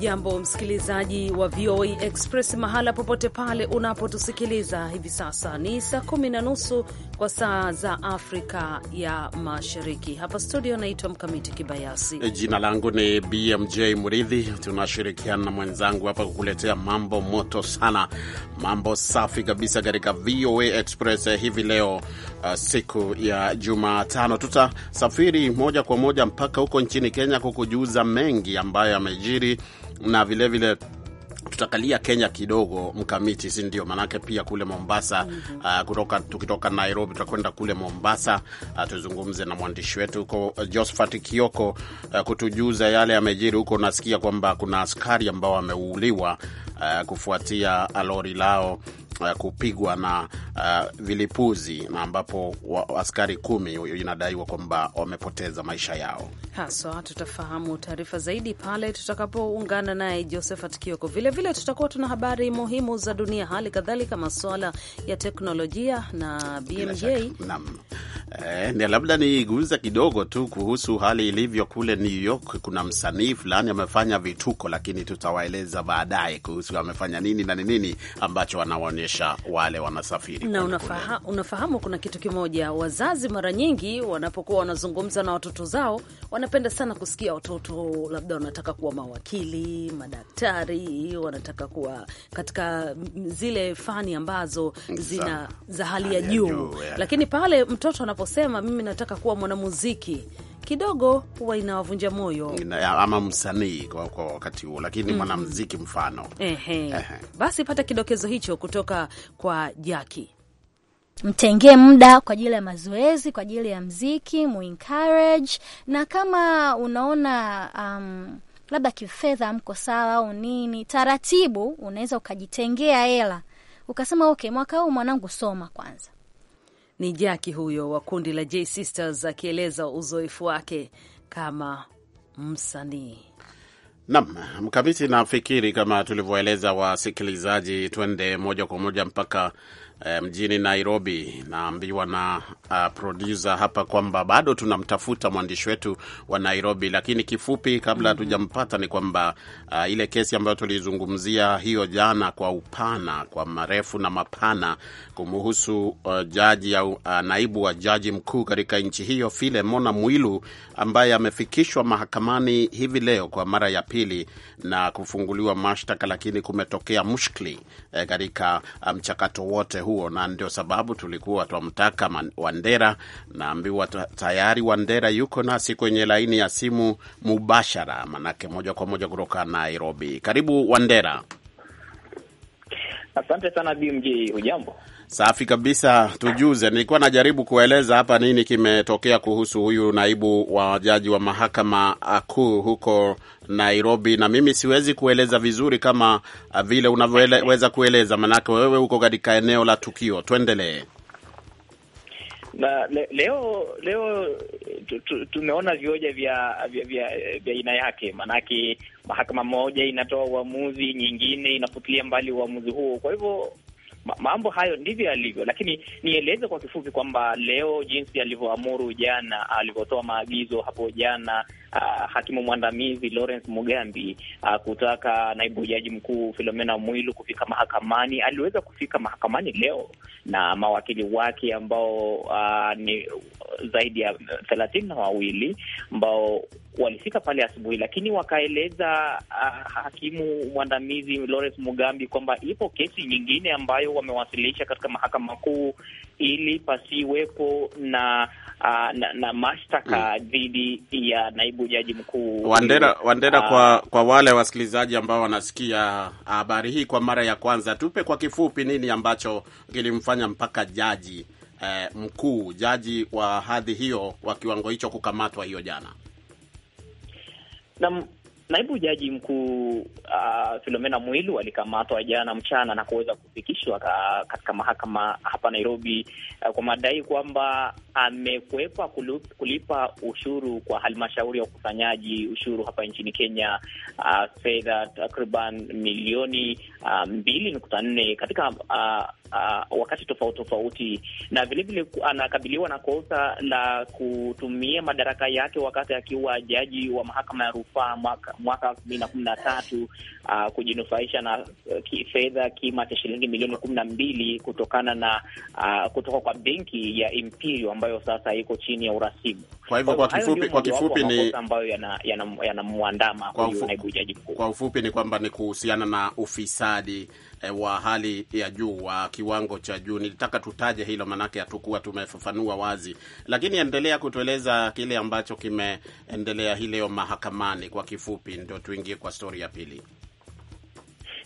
Hujambo msikilizaji wa VOA Express mahala popote pale unapotusikiliza hivi sasa. Ni saa kumi na nusu kwa saa za Afrika ya Mashariki. Hapa studio anaitwa Mkamiti Kibayasi, e, jina langu ni BMJ Mridhi. Tunashirikiana na mwenzangu hapa kukuletea mambo moto sana, mambo safi kabisa katika VOA Express eh, hivi leo, uh, siku ya Jumatano. Tutasafiri moja kwa moja mpaka huko nchini Kenya kukujuza mengi ambayo yamejiri na vilevile vile tutakalia Kenya kidogo mkamiti, si ndio? Maanake pia kule Mombasa mm -hmm. uh, kutoka, tukitoka Nairobi tutakwenda kule Mombasa uh, tuzungumze na mwandishi wetu huko eh, Josphat Kioko uh, kutujuza yale yamejiri huko. Nasikia kwamba kuna askari ambao wameuliwa uh, kufuatia lori lao uh, kupigwa na uh, vilipuzi na ambapo wa, askari kumi inadaiwa kwamba wamepoteza maisha yao haswa. Tutafahamu taarifa zaidi pale tutakapoungana naye Josephat Kioko. Vilevile tutakuwa tuna habari muhimu za dunia, hali kadhalika masuala ya teknolojia na BMJ. Eh, ni labda niguze kidogo tu kuhusu hali ilivyo kule New York. Kuna msanii fulani amefanya vituko, lakini tutawaeleza baadaye kuhusu amefanya nini na ni nini ambacho wanawaonyesha wale wanasafiri. Na unafaha, unafahamu kuna kitu kimoja, wazazi mara nyingi wanapokuwa wanazungumza na watoto zao wana napenda sana kusikia watoto labda wanataka kuwa mawakili, madaktari, wanataka kuwa katika zile fani ambazo zina za hali ya juu, lakini pale mtoto anaposema mimi nataka kuwa mwanamuziki kidogo huwa inawavunja moyo ama msanii kwa, kwa wakati huo, lakini mm. mwanamuziki mm, mfano ehe. Ehe. Basi pata kidokezo hicho kutoka kwa Jaki mtengee muda kwa ajili ya mazoezi, kwa ajili ya mziki, muencourage. Na kama unaona um, labda kifedha mko sawa au nini, taratibu unaweza ukajitengea hela ukasema okay, mwaka huu mwanangu soma kwanza. Ni Jaki huyo wa kundi la J Sisters akieleza uzoefu wake kama msanii. Nam Mkamiti, nafikiri kama tulivyoeleza wasikilizaji, twende moja kwa moja mpaka eh, mjini Nairobi. Naambiwa na uh, produsa hapa kwamba bado tunamtafuta mwandishi wetu wa Nairobi, lakini kifupi, kabla mm. hatujampata mm -hmm. ni kwamba uh, ile kesi ambayo tulizungumzia hiyo jana kwa upana, kwa marefu na mapana kumhusu uh, jaji au uh, naibu wa jaji mkuu katika nchi hiyo filemona Mwilu ambaye amefikishwa mahakamani hivi leo kwa mara ya pili na kufunguliwa mashtaka, lakini kumetokea mushkili eh, katika e, mchakato um, wote huo, na ndio sababu tulikuwa twamtaka Wandera. Naambiwa tayari Wandera yuko nasi kwenye laini ya simu mubashara, manake moja kwa moja kutoka Nairobi. Karibu Wandera. Asante sana BMJ. Ujambo? Safi kabisa. Tujuze, nilikuwa najaribu kueleza hapa nini kimetokea kuhusu huyu naibu wa jaji wa mahakama kuu huko Nairobi, na mimi siwezi kueleza vizuri kama vile unavyoweza kueleza, maanake wewe uko katika eneo la tukio. Tuendelee. Na le, leo leo tumeona vioja vya vya aina yake, maanake mahakama moja inatoa uamuzi, nyingine inafutilia mbali uamuzi huo. Kwa hivyo mambo hayo ndivyo yalivyo, lakini nieleze kwa kifupi kwamba leo jinsi alivyoamuru jana, alivyotoa maagizo hapo jana uh, hakimu mwandamizi Lawrence Mugambi uh, kutaka naibu jaji mkuu filomena Mwilu kufika mahakamani, aliweza kufika mahakamani leo na mawakili wake ambao uh, ni zaidi ya thelathini na wawili ambao walifika pale asubuhi, lakini wakaeleza uh, hakimu mwandamizi Lawrence Mugambi kwamba ipo kesi nyingine ambayo wamewasilisha katika mahakama kuu ili pasiwepo na, uh, na, na mashtaka hmm. dhidi mm. ya naibu jaji mkuu Wandera, Wandera uh, kwa, kwa wale wasikilizaji ambao wanasikia habari hii kwa mara ya kwanza, tupe kwa kifupi nini ambacho kilimfanya mpaka jaji eh, mkuu jaji wa hadhi hiyo wa kiwango hicho kukamatwa hiyo jana. na Naibu jaji mkuu uh, Filomena Mwilu alikamatwa jana mchana na kuweza kufikishwa katika mahakama hapa Nairobi uh, kwa madai kwamba amekwepa kulipa ushuru kwa halmashauri ya ukusanyaji ushuru hapa nchini Kenya, uh, fedha takriban milioni uh, mbili nukta nne katika uh, Uh, wakati tofauti tofauti, na vilevile anakabiliwa na kosa la kutumia madaraka yake wakati akiwa jaji wa mahakama ya rufaa mwaka elfu mbili na kumi na tatu uh, kujinufaisha na uh, fedha kima cha shilingi milioni kumi na mbili kutokana na uh, kutoka kwa benki ya Imperio ambayo sasa iko chini ya urasimu. Kwa hivyo kwa kifupi, kwa kifupi ni ambayo yanamwandama yana, yana huyu naibu jaji mkuu. Kwa ufupi ni kwamba ni kuhusiana na ufisadi Eh, wa hali ya juu wa kiwango cha juu. Nilitaka tutaje hilo, maanake hatukuwa tumefafanua wazi, lakini endelea kutueleza kile ambacho kimeendelea hii leo mahakamani. Kwa kifupi, ndio tuingie kwa stori ya pili.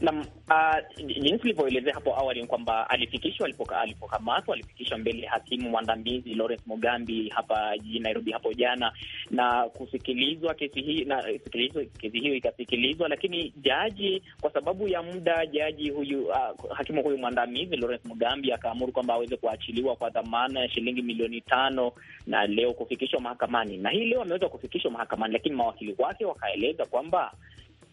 Naam, uh, jinsi ilivyoelezea hapo awali ni kwamba alifikishwa, alipokamatwa alifikishwa mbele hakimu mwandamizi Lawrence Mugambi hapa jijini Nairobi hapo jana na kusikilizwa kesi hii, na kesi hiyo ikasikilizwa, lakini jaji, kwa sababu ya muda, jaji huyu uh, hakimu huyu mwandamizi Lawrence Mugambi akaamuru kwamba aweze kuachiliwa kwa dhamana ya shilingi milioni tano na leo kufikishwa mahakamani, na hii leo ameweza kufikishwa mahakamani, lakini mawakili wake wakaeleza kwamba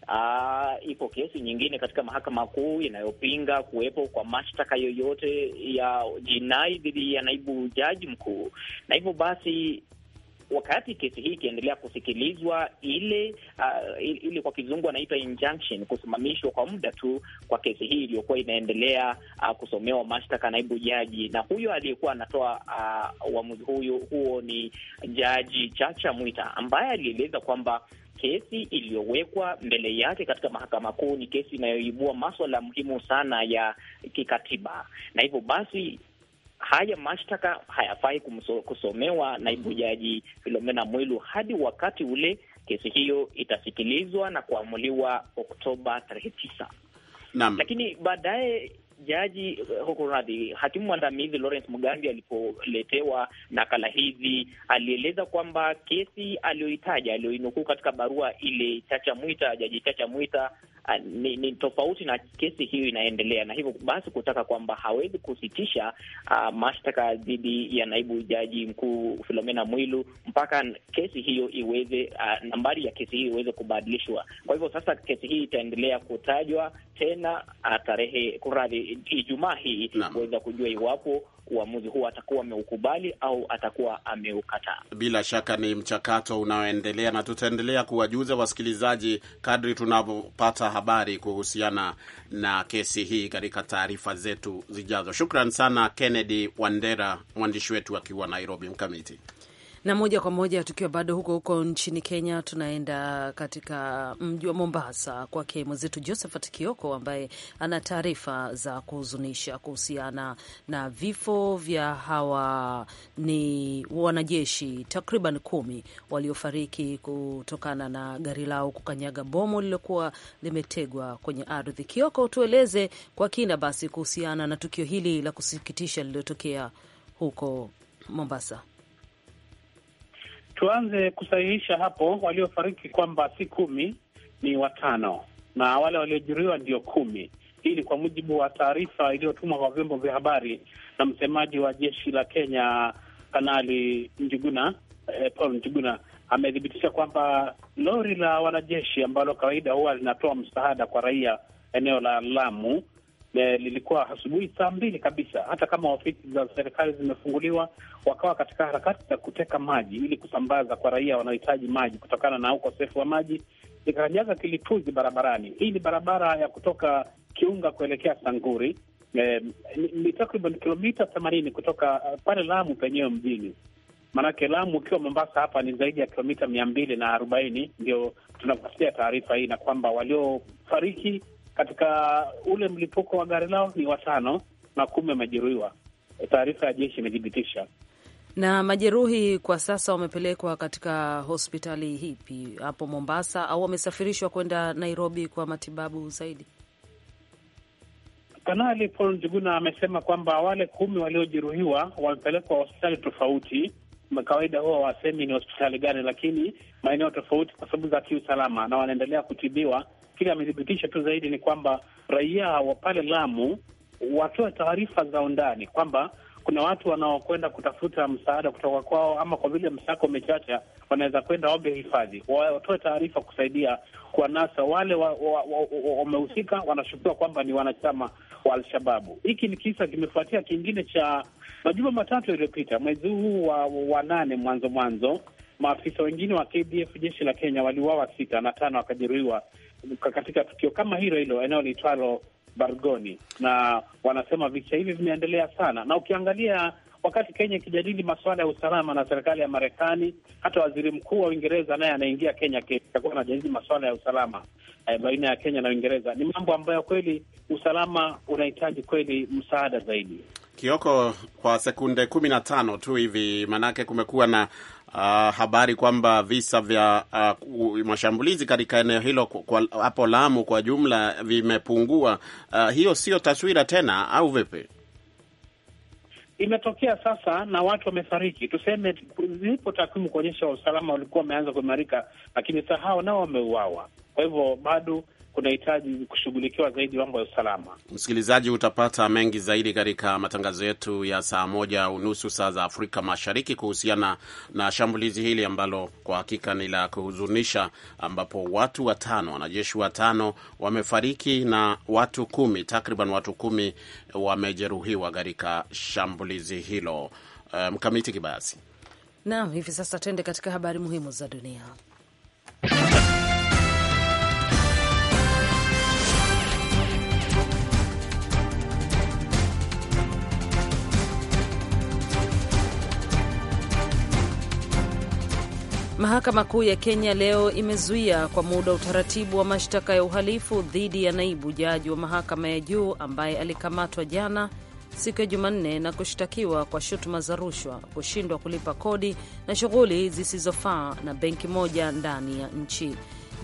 Uh, ipo kesi nyingine katika mahakama kuu inayopinga kuwepo kwa mashtaka yoyote ya jinai dhidi ya naibu jaji mkuu, na hivyo basi wakati kesi hii ikiendelea kusikilizwa ile uh, ile kwa kizungu anaita injunction, kusimamishwa kwa muda tu kwa kesi hii iliyokuwa inaendelea uh, kusomewa mashtaka naibu jaji, na huyo aliyekuwa anatoa uamuzi uh, huyo huo ni jaji Chacha Mwita ambaye alieleza kwamba kesi iliyowekwa mbele yake katika mahakama kuu ni kesi inayoibua maswala muhimu sana ya kikatiba, na hivyo basi haya mashtaka hayafai kusomewa naibu jaji Filomena Mwilu hadi wakati ule kesi hiyo itasikilizwa na kuamuliwa Oktoba tarehe tisa. Naam. Lakini baadaye jaji eh, huko radhi, hakimu mwandamizi Lawrence Mugambi alipoletewa nakala hizi alieleza kwamba kesi aliyoitaja aliyoinukuu katika barua ile Chacha Mwita, jaji Chacha Mwita ah, ni, ni tofauti na kesi hiyo inaendelea, na hivyo basi kutaka kwamba hawezi kusitisha uh, mashtaka dhidi ya naibu jaji mkuu Filomena Mwilu mpaka kesi hiyo iweze uh, nambari ya kesi hiyo iweze kubadilishwa. Kwa hivyo sasa kesi hii itaendelea kutajwa tena uh, tarehe kuradhi Ijumaa hii kuweza kujua iwapo uamuzi huo atakuwa ameukubali au atakuwa ameukataa. Bila shaka ni mchakato unaoendelea na tutaendelea kuwajuza wasikilizaji kadri tunavyopata habari kuhusiana na kesi hii katika taarifa zetu zijazo. Shukran sana Kennedy Wandera, mwandishi wetu akiwa Nairobi. Mkamiti na moja kwa moja tukiwa bado huko huko nchini Kenya, tunaenda katika mji wa Mombasa kwake mwenzetu Josephat Kioko ambaye ana taarifa za kuhuzunisha kuhusiana na vifo vya hawa ni wanajeshi takriban kumi waliofariki kutokana na gari lao kukanyaga bomu lililokuwa limetegwa kwenye ardhi. Kioko, tueleze kwa kina basi kuhusiana na tukio hili la kusikitisha lililotokea huko Mombasa tuanze kusahihisha hapo, waliofariki kwamba si kumi, ni watano na wale waliojeruhiwa ndio kumi. Hii ni kwa mujibu wa taarifa iliyotumwa kwa vyombo vya habari na msemaji wa jeshi la Kenya, Kanali Njuguna, eh, Paul Njuguna amethibitisha kwamba lori la wanajeshi ambalo kawaida huwa linatoa msaada kwa raia eneo la Lamu Eh, lilikuwa asubuhi saa mbili kabisa, hata kama ofisi za serikali zimefunguliwa, wakawa katika harakati za kuteka maji ili kusambaza kwa raia wanaohitaji maji kutokana na ukosefu wa maji, ikajaza kilipuzi barabarani. Hii ni barabara ya kutoka Kiunga kuelekea Sanguri. Eh, ni takriban kilomita themanini kutoka eh, pale Lamu penyewe mjini, maanake Lamu ukiwa Mombasa hapa ni zaidi ya kilomita mia mbili na arobaini. Ndio tunapatia taarifa hii na kwamba waliofariki katika ule mlipuko wa gari lao ni watano na kumi wamejeruhiwa. Taarifa ya jeshi imethibitisha. Na majeruhi kwa sasa wamepelekwa katika hospitali hipi hapo Mombasa au wamesafirishwa kwenda Nairobi kwa matibabu zaidi. Kanali Paul Njuguna amesema kwamba wale kumi waliojeruhiwa wamepelekwa hospitali tofauti. Kawaida huwa wasemi ni hospitali gani, lakini maeneo tofauti kwa sababu za kiusalama, na wanaendelea kutibiwa kile amethibitisha tu zaidi ni kwamba raia wa pale Lamu watoe taarifa za undani kwamba kuna watu wanaokwenda kutafuta msaada kutoka kwao, ama kwa vile msako umechacha, wanaweza kwenda waombe hifadhi, watoe taarifa kusaidia kuwanasa wale wamehusika, wa, wa, wa, wa wanashukiwa kwamba ni wanachama wa Alshababu. Hiki ni kisa kimefuatia kingine cha majuma matatu yaliyopita, mwezi huu wa, wa nane, mwanzo mwanzo, maafisa wengine wa KDF jeshi la Kenya waliuawa sita na tano wakajeruhiwa katika tukio kama hilo hilo eneo liitwalo Bargoni, na wanasema vicha hivi vimeendelea sana, na ukiangalia wakati Kenya ikijadili masuala ya usalama na serikali ya Marekani, hata waziri mkuu wa Uingereza naye anaingia Kenya akuwa anajadili masuala ya usalama eh, baina ya Kenya na Uingereza. Ni mambo ambayo kweli usalama unahitaji kweli msaada zaidi. Kioko, kwa sekunde kumi na tano tu hivi, maanake kumekuwa na uh, habari kwamba visa vya uh, mashambulizi katika eneo hilo hapo Lamu kwa jumla vimepungua. Uh, hiyo sio taswira tena au vipi? Imetokea sasa na watu wamefariki, tuseme, zipo takwimu kuonyesha usalama ulikuwa umeanza kuimarika, lakini sasa nao wameuawa. Kwa hivyo bado kunahitaji kushughulikiwa zaidi mambo ya usalama. Msikilizaji, utapata mengi zaidi katika matangazo yetu ya saa moja unusu saa za Afrika Mashariki kuhusiana na shambulizi hili ambalo kwa hakika ni la kuhuzunisha, ambapo watu watano, wanajeshi watano wamefariki na watu kumi, takriban watu kumi wamejeruhiwa katika shambulizi hilo. Eh, Mkamiti um, Kibayasi. nam. hivi sasa tuende katika habari muhimu za dunia. Mahakama Kuu ya Kenya leo imezuia kwa muda utaratibu wa mashtaka ya uhalifu dhidi ya naibu jaji wa mahakama ya juu ambaye alikamatwa jana siku ya Jumanne na kushtakiwa kwa shutuma za rushwa, kushindwa kulipa kodi na shughuli zisizofaa na benki moja ndani ya nchi.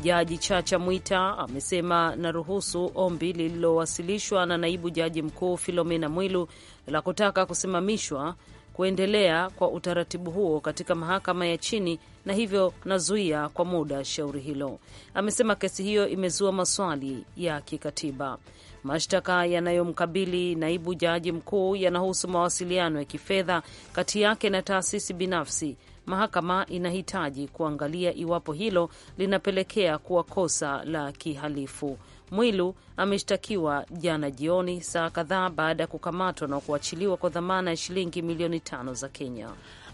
Jaji Chacha Mwita amesema na ruhusu ombi lililowasilishwa na naibu jaji mkuu Filomena Mwilu la kutaka kusimamishwa kuendelea kwa utaratibu huo katika mahakama ya chini na hivyo nazuia kwa muda shauri hilo. Amesema kesi hiyo imezua maswali ya kikatiba. Mashtaka yanayomkabili naibu jaji mkuu yanahusu mawasiliano ya kifedha kati yake na taasisi binafsi. Mahakama inahitaji kuangalia iwapo hilo linapelekea kuwa kosa la kihalifu. Mwilu ameshtakiwa jana jioni, saa kadhaa baada ya kukamatwa na kuachiliwa kwa dhamana ya shilingi milioni tano za Kenya.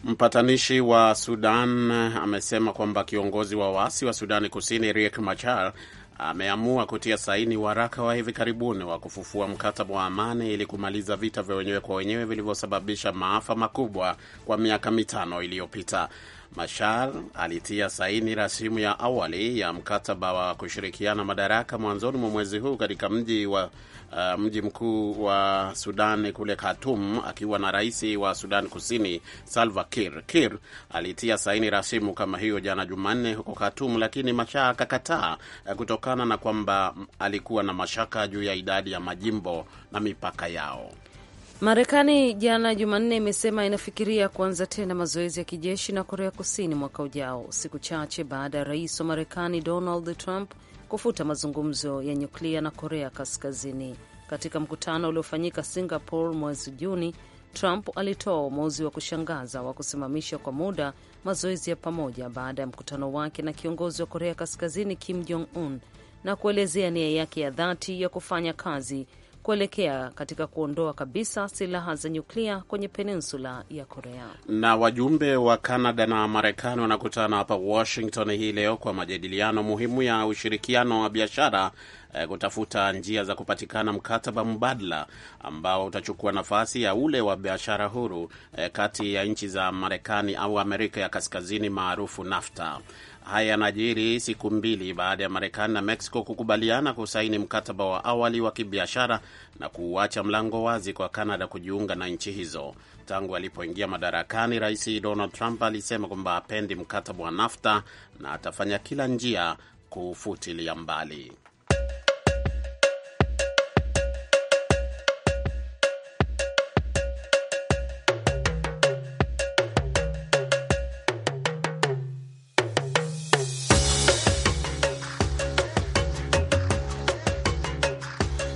Mpatanishi wa Sudan amesema kwamba kiongozi wa waasi wa Sudani Kusini Riek Machar ameamua kutia saini waraka wa hivi karibuni wa kufufua mkataba wa amani ili kumaliza vita vya wenyewe kwa wenyewe vilivyosababisha maafa makubwa kwa miaka mitano iliyopita mashar alitia saini rasimu ya awali ya mkataba wa kushirikiana madaraka mwanzoni mwa mwezi huu katika mji wa uh, mji mkuu wa Sudan kule Khartoum, akiwa na rais wa Sudan Kusini Salva Kiir. Kiir alitia saini rasimu kama hiyo jana Jumanne huko Khartoum, lakini masha akakataa uh, kutokana na kwamba alikuwa na mashaka juu ya idadi ya majimbo na mipaka yao. Marekani jana Jumanne imesema inafikiria kuanza tena mazoezi ya kijeshi na Korea Kusini mwaka ujao, siku chache baada ya rais wa Marekani Donald Trump kufuta mazungumzo ya nyuklia na Korea Kaskazini. Katika mkutano uliofanyika Singapore mwezi Juni, Trump alitoa uamuzi wa kushangaza wa kusimamisha kwa muda mazoezi ya pamoja baada ya mkutano wake na kiongozi wa Korea Kaskazini Kim Jong Un na kuelezea nia yake ya dhati ya kufanya kazi kuelekea katika kuondoa kabisa silaha za nyuklia kwenye peninsula ya Korea. Na wajumbe wa Kanada na Marekani wanakutana hapa Washington hii leo kwa majadiliano muhimu ya ushirikiano wa biashara Eh, kutafuta njia za kupatikana mkataba mbadala ambao utachukua nafasi ya ule wa biashara huru eh, kati ya nchi za Marekani au Amerika ya Kaskazini maarufu NAFTA. Haya yanajiri siku mbili baada ya Marekani na Mexico kukubaliana kusaini mkataba wa awali wa kibiashara na kuuacha mlango wazi kwa Canada kujiunga na nchi hizo. Tangu alipoingia madarakani, Rais Donald Trump alisema kwamba hapendi mkataba wa NAFTA na atafanya kila njia kufutilia mbali.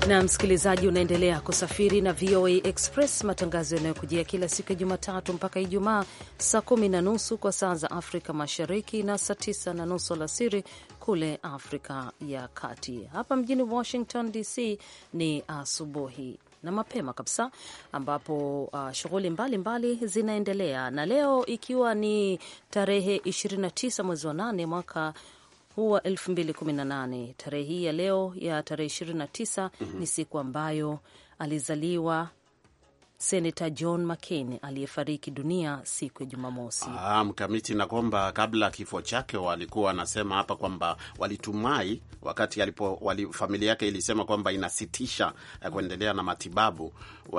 na msikilizaji, unaendelea kusafiri na VOA Express, matangazo yanayokujia kila siku ya Jumatatu mpaka Ijumaa saa kumi na nusu kwa saa za Afrika Mashariki na saa tisa na nusu alasiri kule Afrika ya Kati. Hapa mjini Washington DC ni asubuhi na mapema kabisa ambapo uh, shughuli mbalimbali zinaendelea, na leo ikiwa ni tarehe 29 mwezi wa nane mwaka huu wa 2018. Tarehe hii ya leo ya tarehe 29 mm -hmm. ni siku ambayo alizaliwa senata John McCain aliyefariki dunia siku ya Jumamosi. Ah, mkamiti na kwamba kabla kifo chake walikuwa wanasema hapa kwamba walitumai wakati alipo, wali, familia yake ilisema kwamba inasitisha ya eh, kuendelea na matibabu.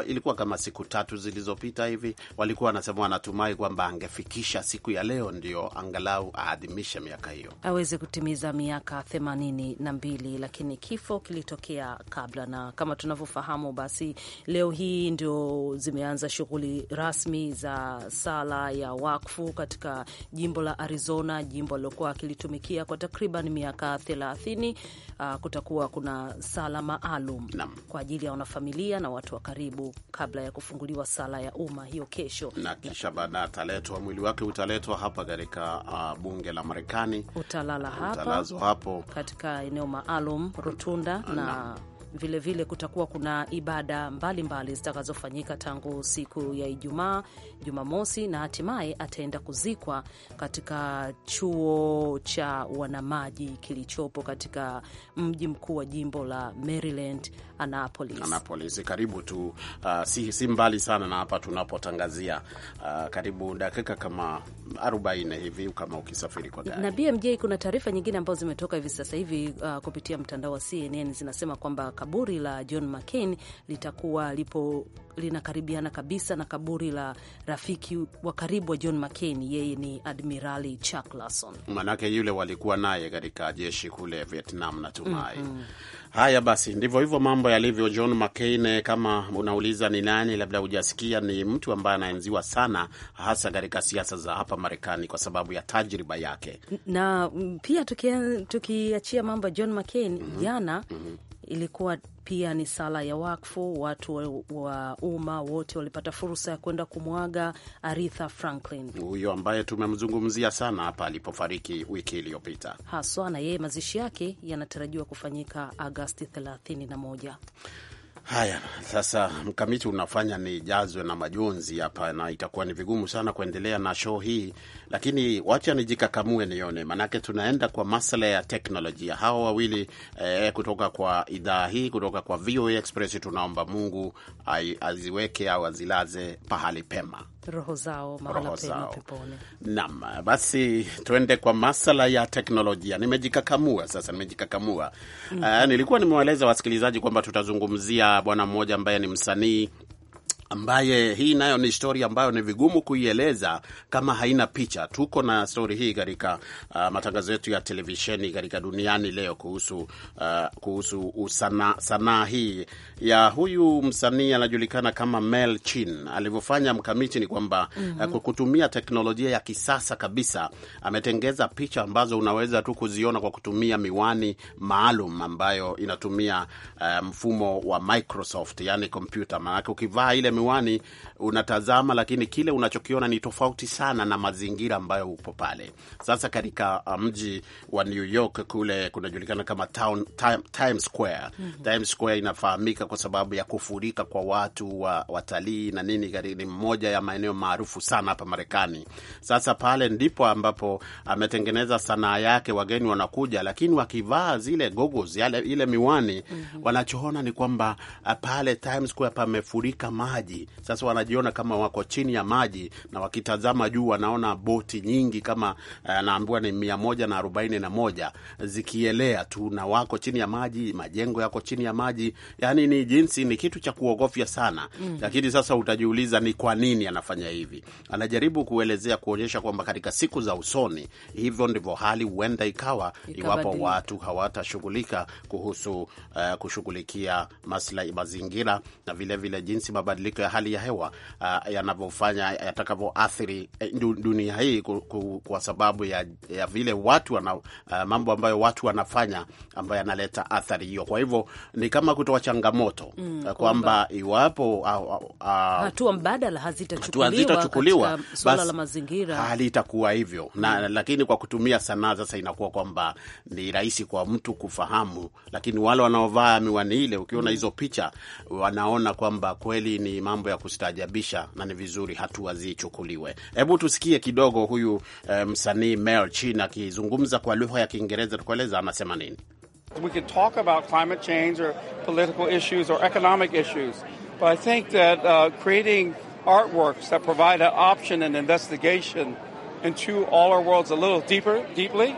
Ilikuwa kama siku tatu zilizopita hivi, walikuwa wanasema wanatumai kwamba angefikisha siku ya leo ndio angalau aadhimishe miaka hiyo aweze kutimiza miaka themanini na mbili, lakini kifo kilitokea kabla, na kama tunavyofahamu basi leo hii ndio zimeanza shughuli rasmi za sala ya wakfu katika jimbo la Arizona, jimbo alilokuwa akilitumikia kwa takriban miaka thelathini. Uh, kutakuwa kuna sala maalum kwa ajili ya wanafamilia na watu wa karibu kabla ya kufunguliwa sala ya umma hiyo kesho, na kisha baadaye ataletwa mwili wake utaletwa hapa katika uh, bunge la Marekani, utalala hapa, utalazwa hapo katika eneo maalum Rotunda na, na Vilevile vile kutakuwa kuna ibada mbalimbali zitakazofanyika tangu siku ya Ijumaa, Jumamosi na hatimaye ataenda kuzikwa katika chuo cha wanamaji kilichopo katika mji mkuu wa jimbo la Maryland Annapolis. Annapolis karibu tu, uh, si, si mbali sana na hapa tunapotangazia, uh, karibu dakika kama 40 hivi kama ukisafiri kwa gari. Na BMJ, kuna taarifa nyingine ambazo zimetoka hivi sasa hivi uh, kupitia mtandao wa CNN zinasema kwamba kaburi la John McCain litakuwa lipo linakaribiana kabisa na kaburi la rafiki wa karibu wa John McCain. Yeye ni Admirali Chuck Larson, manake yule walikuwa naye katika jeshi kule Vietnam natumai. mm -hmm. Haya basi, ndivyo hivyo mambo yalivyo. John McCain, kama unauliza ni nani, labda hujasikia, ni mtu ambaye anaenziwa sana, hasa katika siasa za hapa Marekani kwa sababu ya tajriba yake, na pia tukiachia tuki mambo ya John McCain mm-hmm. jana, mm -hmm. mm -hmm. ilikuwa pia ni sala ya wakfu. Watu wa umma wote walipata fursa ya kwenda kumwaga aritha Franklin, huyo ambaye tumemzungumzia sana hapa alipofariki wiki iliyopita haswa, na yeye mazishi yake yanatarajiwa kufanyika Agasti 31. Haya sasa, mkamiti unafanya ni jazwe na majonzi hapa, na itakuwa ni vigumu sana kuendelea na show hii, lakini wacha nijikakamue nione, maanake tunaenda kwa masala ya teknolojia. Hawa wawili eh, kutoka kwa idhaa hii, kutoka kwa VOA Express, tunaomba Mungu aziweke au azilaze pahali pema roho zao mahala pema peponi. Naam, basi tuende kwa masala ya teknolojia. Nimejikakamua sasa, nimejikakamua mm -hmm. Uh, nilikuwa nimewaeleza wasikilizaji kwamba tutazungumzia bwana mmoja ambaye ni msanii ambaye hii nayo ni stori ambayo ni vigumu kuieleza kama haina picha. Tuko na stori hii katika uh, matangazo yetu ya televisheni katika duniani leo kuhusu, uh, kuhusu sanaa sana hii ya huyu msanii anajulikana kama Mel Chin. Alivyofanya mkamiti ni kwamba mm -hmm. uh, mhm. kutumia teknolojia ya kisasa kabisa ametengeza picha ambazo unaweza tu kuziona kwa kutumia miwani maalum ambayo inatumia uh, mfumo wa Microsoft, yani kompyuta, maanake ukivaa ile miwani unatazama, lakini kile unachokiona ni tofauti sana na mazingira ambayo upo pale. Sasa katika uh, mji wa New York kule kunajulikana kama town, time, Times Square. Mm -hmm. Times Square inafahamika kwa sababu ya kufurika kwa watu wa watalii na nini, ni mmoja ya maeneo maarufu sana hapa Marekani. Sasa pale ndipo ambapo ametengeneza sanaa yake, wageni wanakuja, lakini wakivaa zile goggles, yale ile miwani mm -hmm. wanachoona ni kwamba uh, pale Times Square pamefurika maji maji. Sasa wanajiona kama wako chini ya maji, na wakitazama juu wanaona boti nyingi kama anaambiwa eh, ni mia moja na arobaini na moja zikielea tu, na wako chini ya maji, majengo yako chini ya maji. Yani ni jinsi, ni kitu cha kuogofya sana mm -hmm. Lakini sasa utajiuliza ni kwa nini anafanya hivi? Anajaribu kuelezea, kuonyesha kwamba katika siku za usoni hivyo ndivyo hali huenda ikawa, iwapo watu hawatashughulika kuhusu uh, kushughulikia maslahi mazingira na vilevile vile jinsi mabadiliko mabadiliko ya hali ya hewa uh, yanavyofanya yatakavyoathiri eh, dunia hii ku, ku, kwa sababu ya, ya vile watu wana, uh, mambo ambayo watu wanafanya ambayo yanaleta athari hiyo. Kwa hivyo ni kama kutoa changamoto mm, eh, kwamba iwapo uh, uh, uh, hatua mbadala hazitachukuliwa basi hali itakuwa hivyo na, mm. Lakini kwa kutumia sanaa sasa inakuwa kwamba ni rahisi kwa mtu kufahamu, lakini wale wanaovaa miwani ile, ukiona mm. hizo picha wanaona kwamba kweli ni mambo ya kustaajabisha na ni vizuri hatua zichukuliwe. Hebu tusikie kidogo huyu e, msanii Mel Chin akizungumza kwa lugha ya Kiingereza, tukueleza anasema nini. We can talk about climate change or political issues or economic issues. But I think that uh, creating artworks that provide an option and investigation into all our worlds a little deeper, deeply,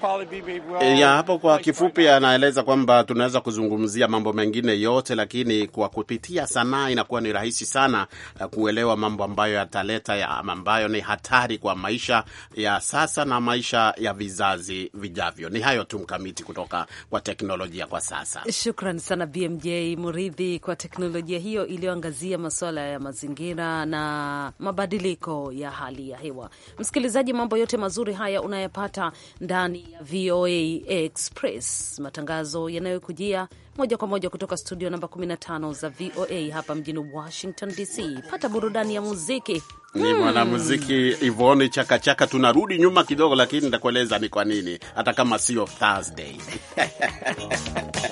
ya eh, hapo kwa kifupi, anaeleza kwamba tunaweza kuzungumzia mambo mengine yote, lakini kwa kupitia sanaa inakuwa ni rahisi sana eh, kuelewa mambo ambayo yataleta ya ambayo ni hatari kwa maisha ya sasa na maisha ya vizazi vijavyo. Ni hayo tu mkamiti kutoka kwa teknolojia kwa sasa. Shukran sana BMJ Muridhi kwa teknolojia hiyo iliyoangazia masuala ya mazingira na mabadiliko ya hali ya hewa. Msikilizaji, mambo yote mazuri haya unayapata ndani VOA Express, matangazo yanayokujia moja kwa moja kutoka studio namba 15 za VOA hapa mjini Washington DC. Pata burudani ya muziki ni hmm, mwanamuziki Ivoni Chakachaka. Tunarudi nyuma kidogo, lakini nitakueleza ni kwa nini, hata kama sio Thursday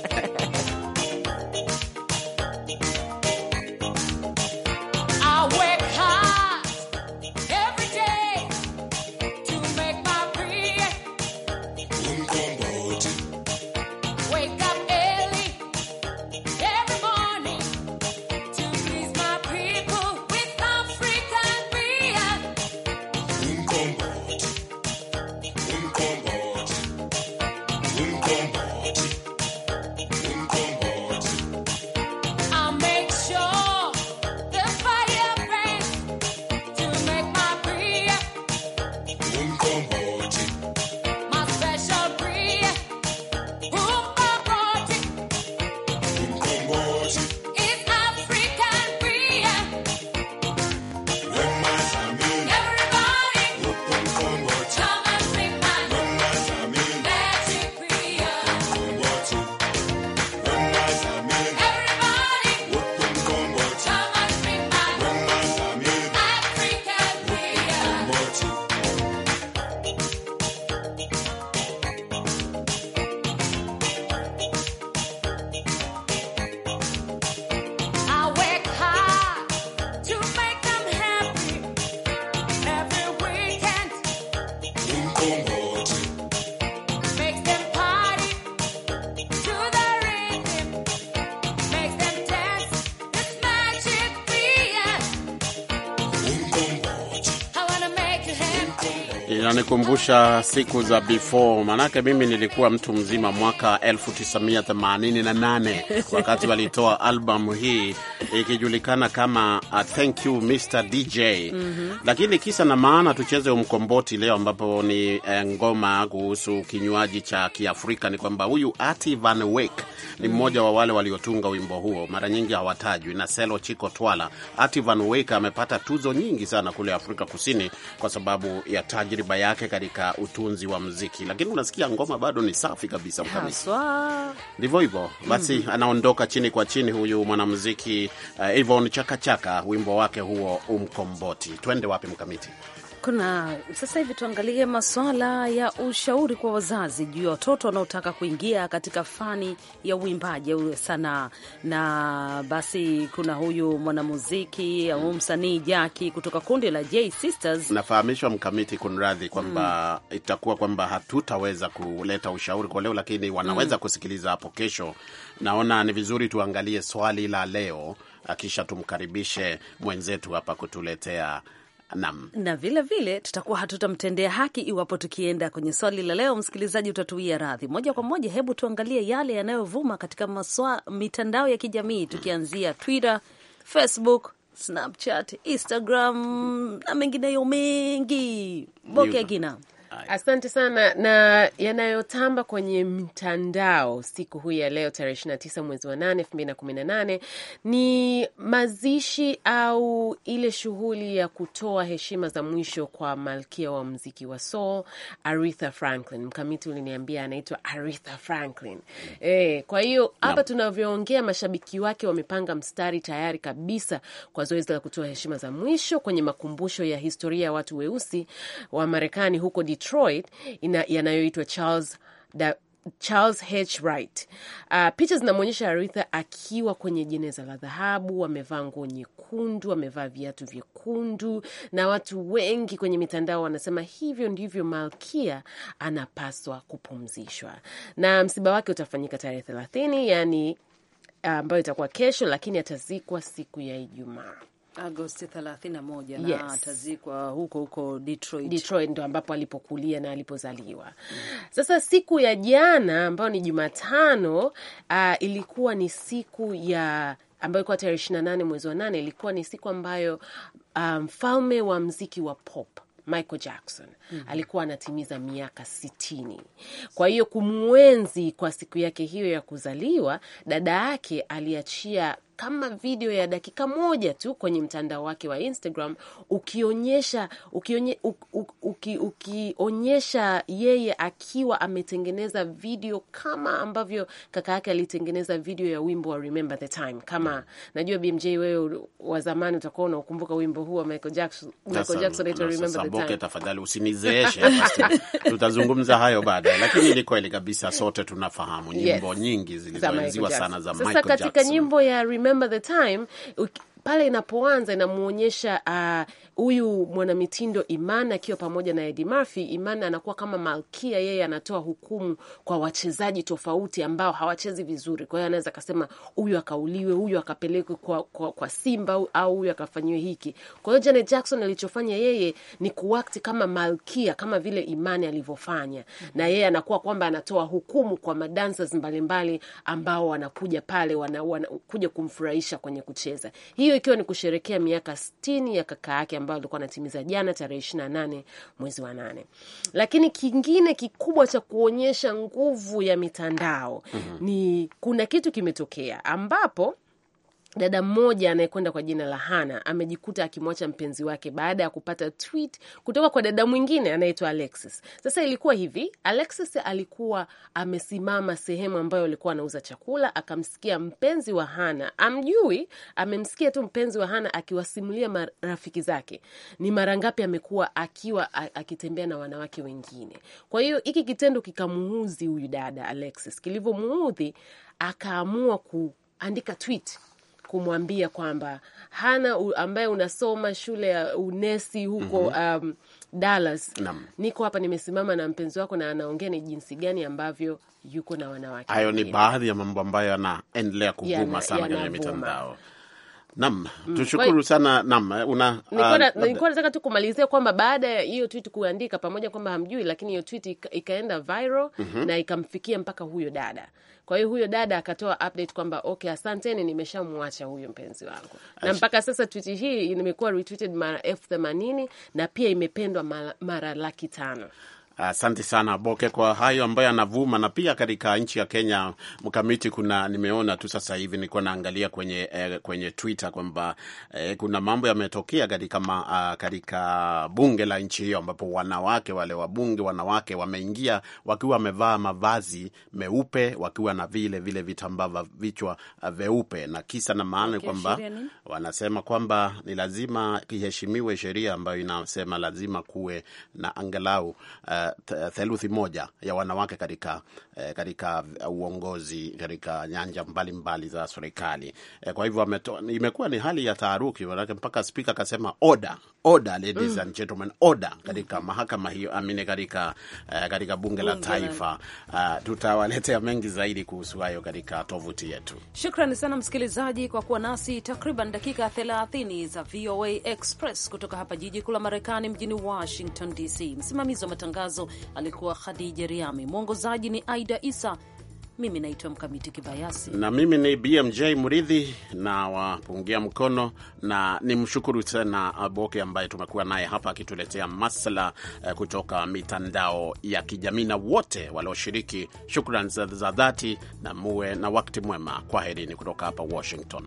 unanikumbusha siku za before, manake mimi nilikuwa mtu mzima mwaka 1988 wakati walitoa albamu hii ikijulikana kama uh, thank you Mr DJ mm -hmm. Lakini kisa na maana tucheze umkomboti leo, ambapo ni eh, ngoma kuhusu kinywaji cha Kiafrika ni kwamba huyu Ati Van Wyk ni mm. mmoja wa wale waliotunga wimbo huo, mara nyingi hawatajwi na Selo Chiko Twala. Ati Van Wyk amepata tuzo nyingi sana kule Afrika Kusini kwa sababu ya tajriba yake katika utunzi wa mziki, lakini unasikia ngoma bado ni safi kabisa ndivyo hivyo basi. mm -hmm. Anaondoka chini kwa chini huyu mwanamziki uh, Yvonne Chakachaka, wimbo wake huo Umkomboti. Twende wapi mkamiti? Kuna sasa hivi tuangalie masuala ya ushauri kwa wazazi juu ya watoto wanaotaka kuingia katika fani ya uimbaji au sanaa. Na basi kuna huyu mwanamuziki au msanii Jaki kutoka kundi la J Sisters. Nafahamishwa mkamiti, kunradhi, kwamba mm, itakuwa kwamba hatutaweza kuleta ushauri kwa leo, lakini wanaweza mm, kusikiliza hapo kesho. Naona ni vizuri tuangalie swali la leo, kisha tumkaribishe mwenzetu hapa kutuletea Nam. Na vile vile tutakuwa hatutamtendea haki iwapo tukienda kwenye swali la leo, msikilizaji, utatuia radhi moja kwa moja. Hebu tuangalie yale yanayovuma katika maswa mitandao ya kijamii tukianzia Twitter, Facebook, Snapchat, Instagram na mengineyo mengi. Boke haya. Asante sana. Na yanayotamba kwenye mtandao siku hii ya leo tarehe 29 mwezi wa 8 2018 ni mazishi au ile shughuli ya kutoa heshima za mwisho kwa malkia wa mziki wa soul Aretha Franklin. Mkamiti uliniambia anaitwa Aretha Franklin. Mm. Eh, kwa hiyo hapa tunavyoongea mashabiki wake wamepanga mstari tayari kabisa kwa zoezi la kutoa heshima za mwisho kwenye makumbusho ya historia ya watu weusi wa Marekani huko Detroit Detroit yanayoitwa Charles da Charles H. Wright. Uh, picha zinamwonyesha Aretha akiwa kwenye jeneza la dhahabu, amevaa nguo nyekundu, amevaa viatu vyekundu, na watu wengi kwenye mitandao wanasema hivyo ndivyo malkia anapaswa kupumzishwa, na msiba wake utafanyika tarehe thelathini, yani ah, ambayo uh, itakuwa kesho, lakini atazikwa siku ya Ijumaa. Agosti 31 na yes, atazikwa huko huko Detroit. Detroit ndo ambapo alipokulia na alipozaliwa. Mm. Sasa siku ya jana ambayo ni Jumatano, uh, ilikuwa ni siku ya ambayo ilikuwa tarehe nane mwezi wa nane ilikuwa ni siku ambayo uh, mfalme um, wa mziki wa pop Michael Jackson mm -hmm. alikuwa anatimiza miaka sitini. Kwa hiyo kumwenzi kwa siku yake hiyo ya kuzaliwa, dada yake aliachia kama video ya dakika moja tu kwenye mtandao wake wa Instagram ukionyesha ukionye, u, uki, ukionyesha yeye akiwa ametengeneza video kama ambavyo kaka yake alitengeneza video ya wimbo wa Remember the Time. Kama najua BMJ wewe wa zamani utakuwa unakumbuka wimbo huu wa Michael Jackson, Michael Jackson Remember the Time. Tafadhali usinizeeshe tutazungumza hayo baadaye, lakini ni kweli kabisa, sote tunafahamu nyimbo yes, nyingi zilizoenziwa sana za Michael Jackson. Sasa katika nyimbo ya Remember remember the time pale inapoanza inamuonyesha ah, huyu uh, mwanamitindo Iman akiwa pamoja na Eddie Murphy. Iman anakuwa kama malkia, yeye anatoa hukumu kwa wachezaji tofauti ambao hawachezi vizuri. Kwa hiyo anaweza akasema huyu akauliwe, huyu akapelekwe kwa, kwa, kwa simba au huyu akafanyiwe hiki. Kwa hiyo Janet Jackson alichofanya yeye ni kuakti kama malkia, kama vile Iman alivyofanya, na yeye anakuwa kwamba anatoa hukumu kwa madancers mbalimbali ambao wanakuja pale, wanakuja wana, kumfurahisha kwenye kucheza hiyo ikiwa ni kusherekea miaka sitini ya kaka yake ambayo alikuwa anatimiza jana tarehe ishirini na nane mwezi wa nane. Lakini kingine kikubwa cha kuonyesha nguvu ya mitandao mm -hmm. ni kuna kitu kimetokea ambapo Dada mmoja anayekwenda kwa jina la Hana amejikuta akimwacha mpenzi wake baada ya kupata tweet kutoka kwa dada mwingine anaitwa Alexis. Sasa ilikuwa hivi, Alexis alikuwa amesimama sehemu ambayo alikuwa anauza chakula, akamsikia mpenzi wa Hana, amjui, amemsikia tu mpenzi wa Hana akiwasimulia marafiki zake ni mara ngapi amekuwa akiwa akitembea na wanawake wengine. Kwa hiyo hiki kitendo kikamuudhi huyu dada Alexis, kilivyomuudhi akaamua kuandika tweet kumwambia kwamba Hana ambaye unasoma shule ya unesi huko mm -hmm. um, Dallas Nam. niko hapa nimesimama na mpenzi wako na anaongea ni jinsi gani ambavyo yuko na wanawake. Hayo ni baadhi ya mambo ambayo yanaendelea kuvuma sana kwenye mitandao. Naam, mm. tushukuru sana. Naam, una ah, nataka tu kumalizia kwamba baada ya hiyo tweet kuandika pamoja kwamba hamjui, lakini hiyo tweet ikaenda viral mm -hmm. na ikamfikia mpaka huyo dada kwa hiyo huyo dada akatoa update kwamba okay, asanteni, nimeshamwacha huyo mpenzi wangu. Na mpaka sasa twiti hii imekuwa retweeted mara elfu themanini na pia imependwa mara, mara laki tano. Asante uh, sana Boke kwa hayo ambayo anavuma, na pia katika nchi ya Kenya mkamiti, kuna nimeona tu sasa hivi nilikuwa naangalia kwenye eh, kwenye Twitter kwamba eh, kuna mambo yametokea katika ma, uh, katika bunge la nchi hiyo ambapo wanawake wale wabunge wanawake wameingia wakiwa wamevaa mavazi meupe wakiwa na vile vile vitambaa vya vichwa uh, vyeupe, na kisa na maana okay, kwamba wanasema kwamba ni lazima iheshimiwe sheria ambayo inasema lazima kuwe na angalau uh, Uh, theluthi moja ya wanawake katika eh, katika uh, uongozi katika nyanja mbalimbali mbali za serikali eh, kwa hivyo imekuwa ni hali ya taharuki, manake mpaka spika akasema order, order, ladies mm. and gentlemen, order katika mm. mahakama hiyo amine katika, eh, katika bunge la taifa uh, tutawaletea mengi zaidi kuhusu hayo katika tovuti yetu. Shukrani sana msikilizaji kwa kuwa nasi takriban dakika 30 za VOA Express kutoka hapa jiji kuu la Marekani mjini Washington DC. Msimamizi wa matangazo matangazo alikuwa Khadija Riami, mwongozaji ni Aida Isa. Mimi naitwa Mkamiti Kibayasi na mimi ni BMJ Mridhi, na wapungia mkono na ni mshukuru tena Aboke ambaye tumekuwa naye hapa akituletea masala eh, kutoka mitandao ya kijamii na wote walioshiriki. Shukran za dhati na muwe na wakati mwema. kwa herini kutoka hapa Washington.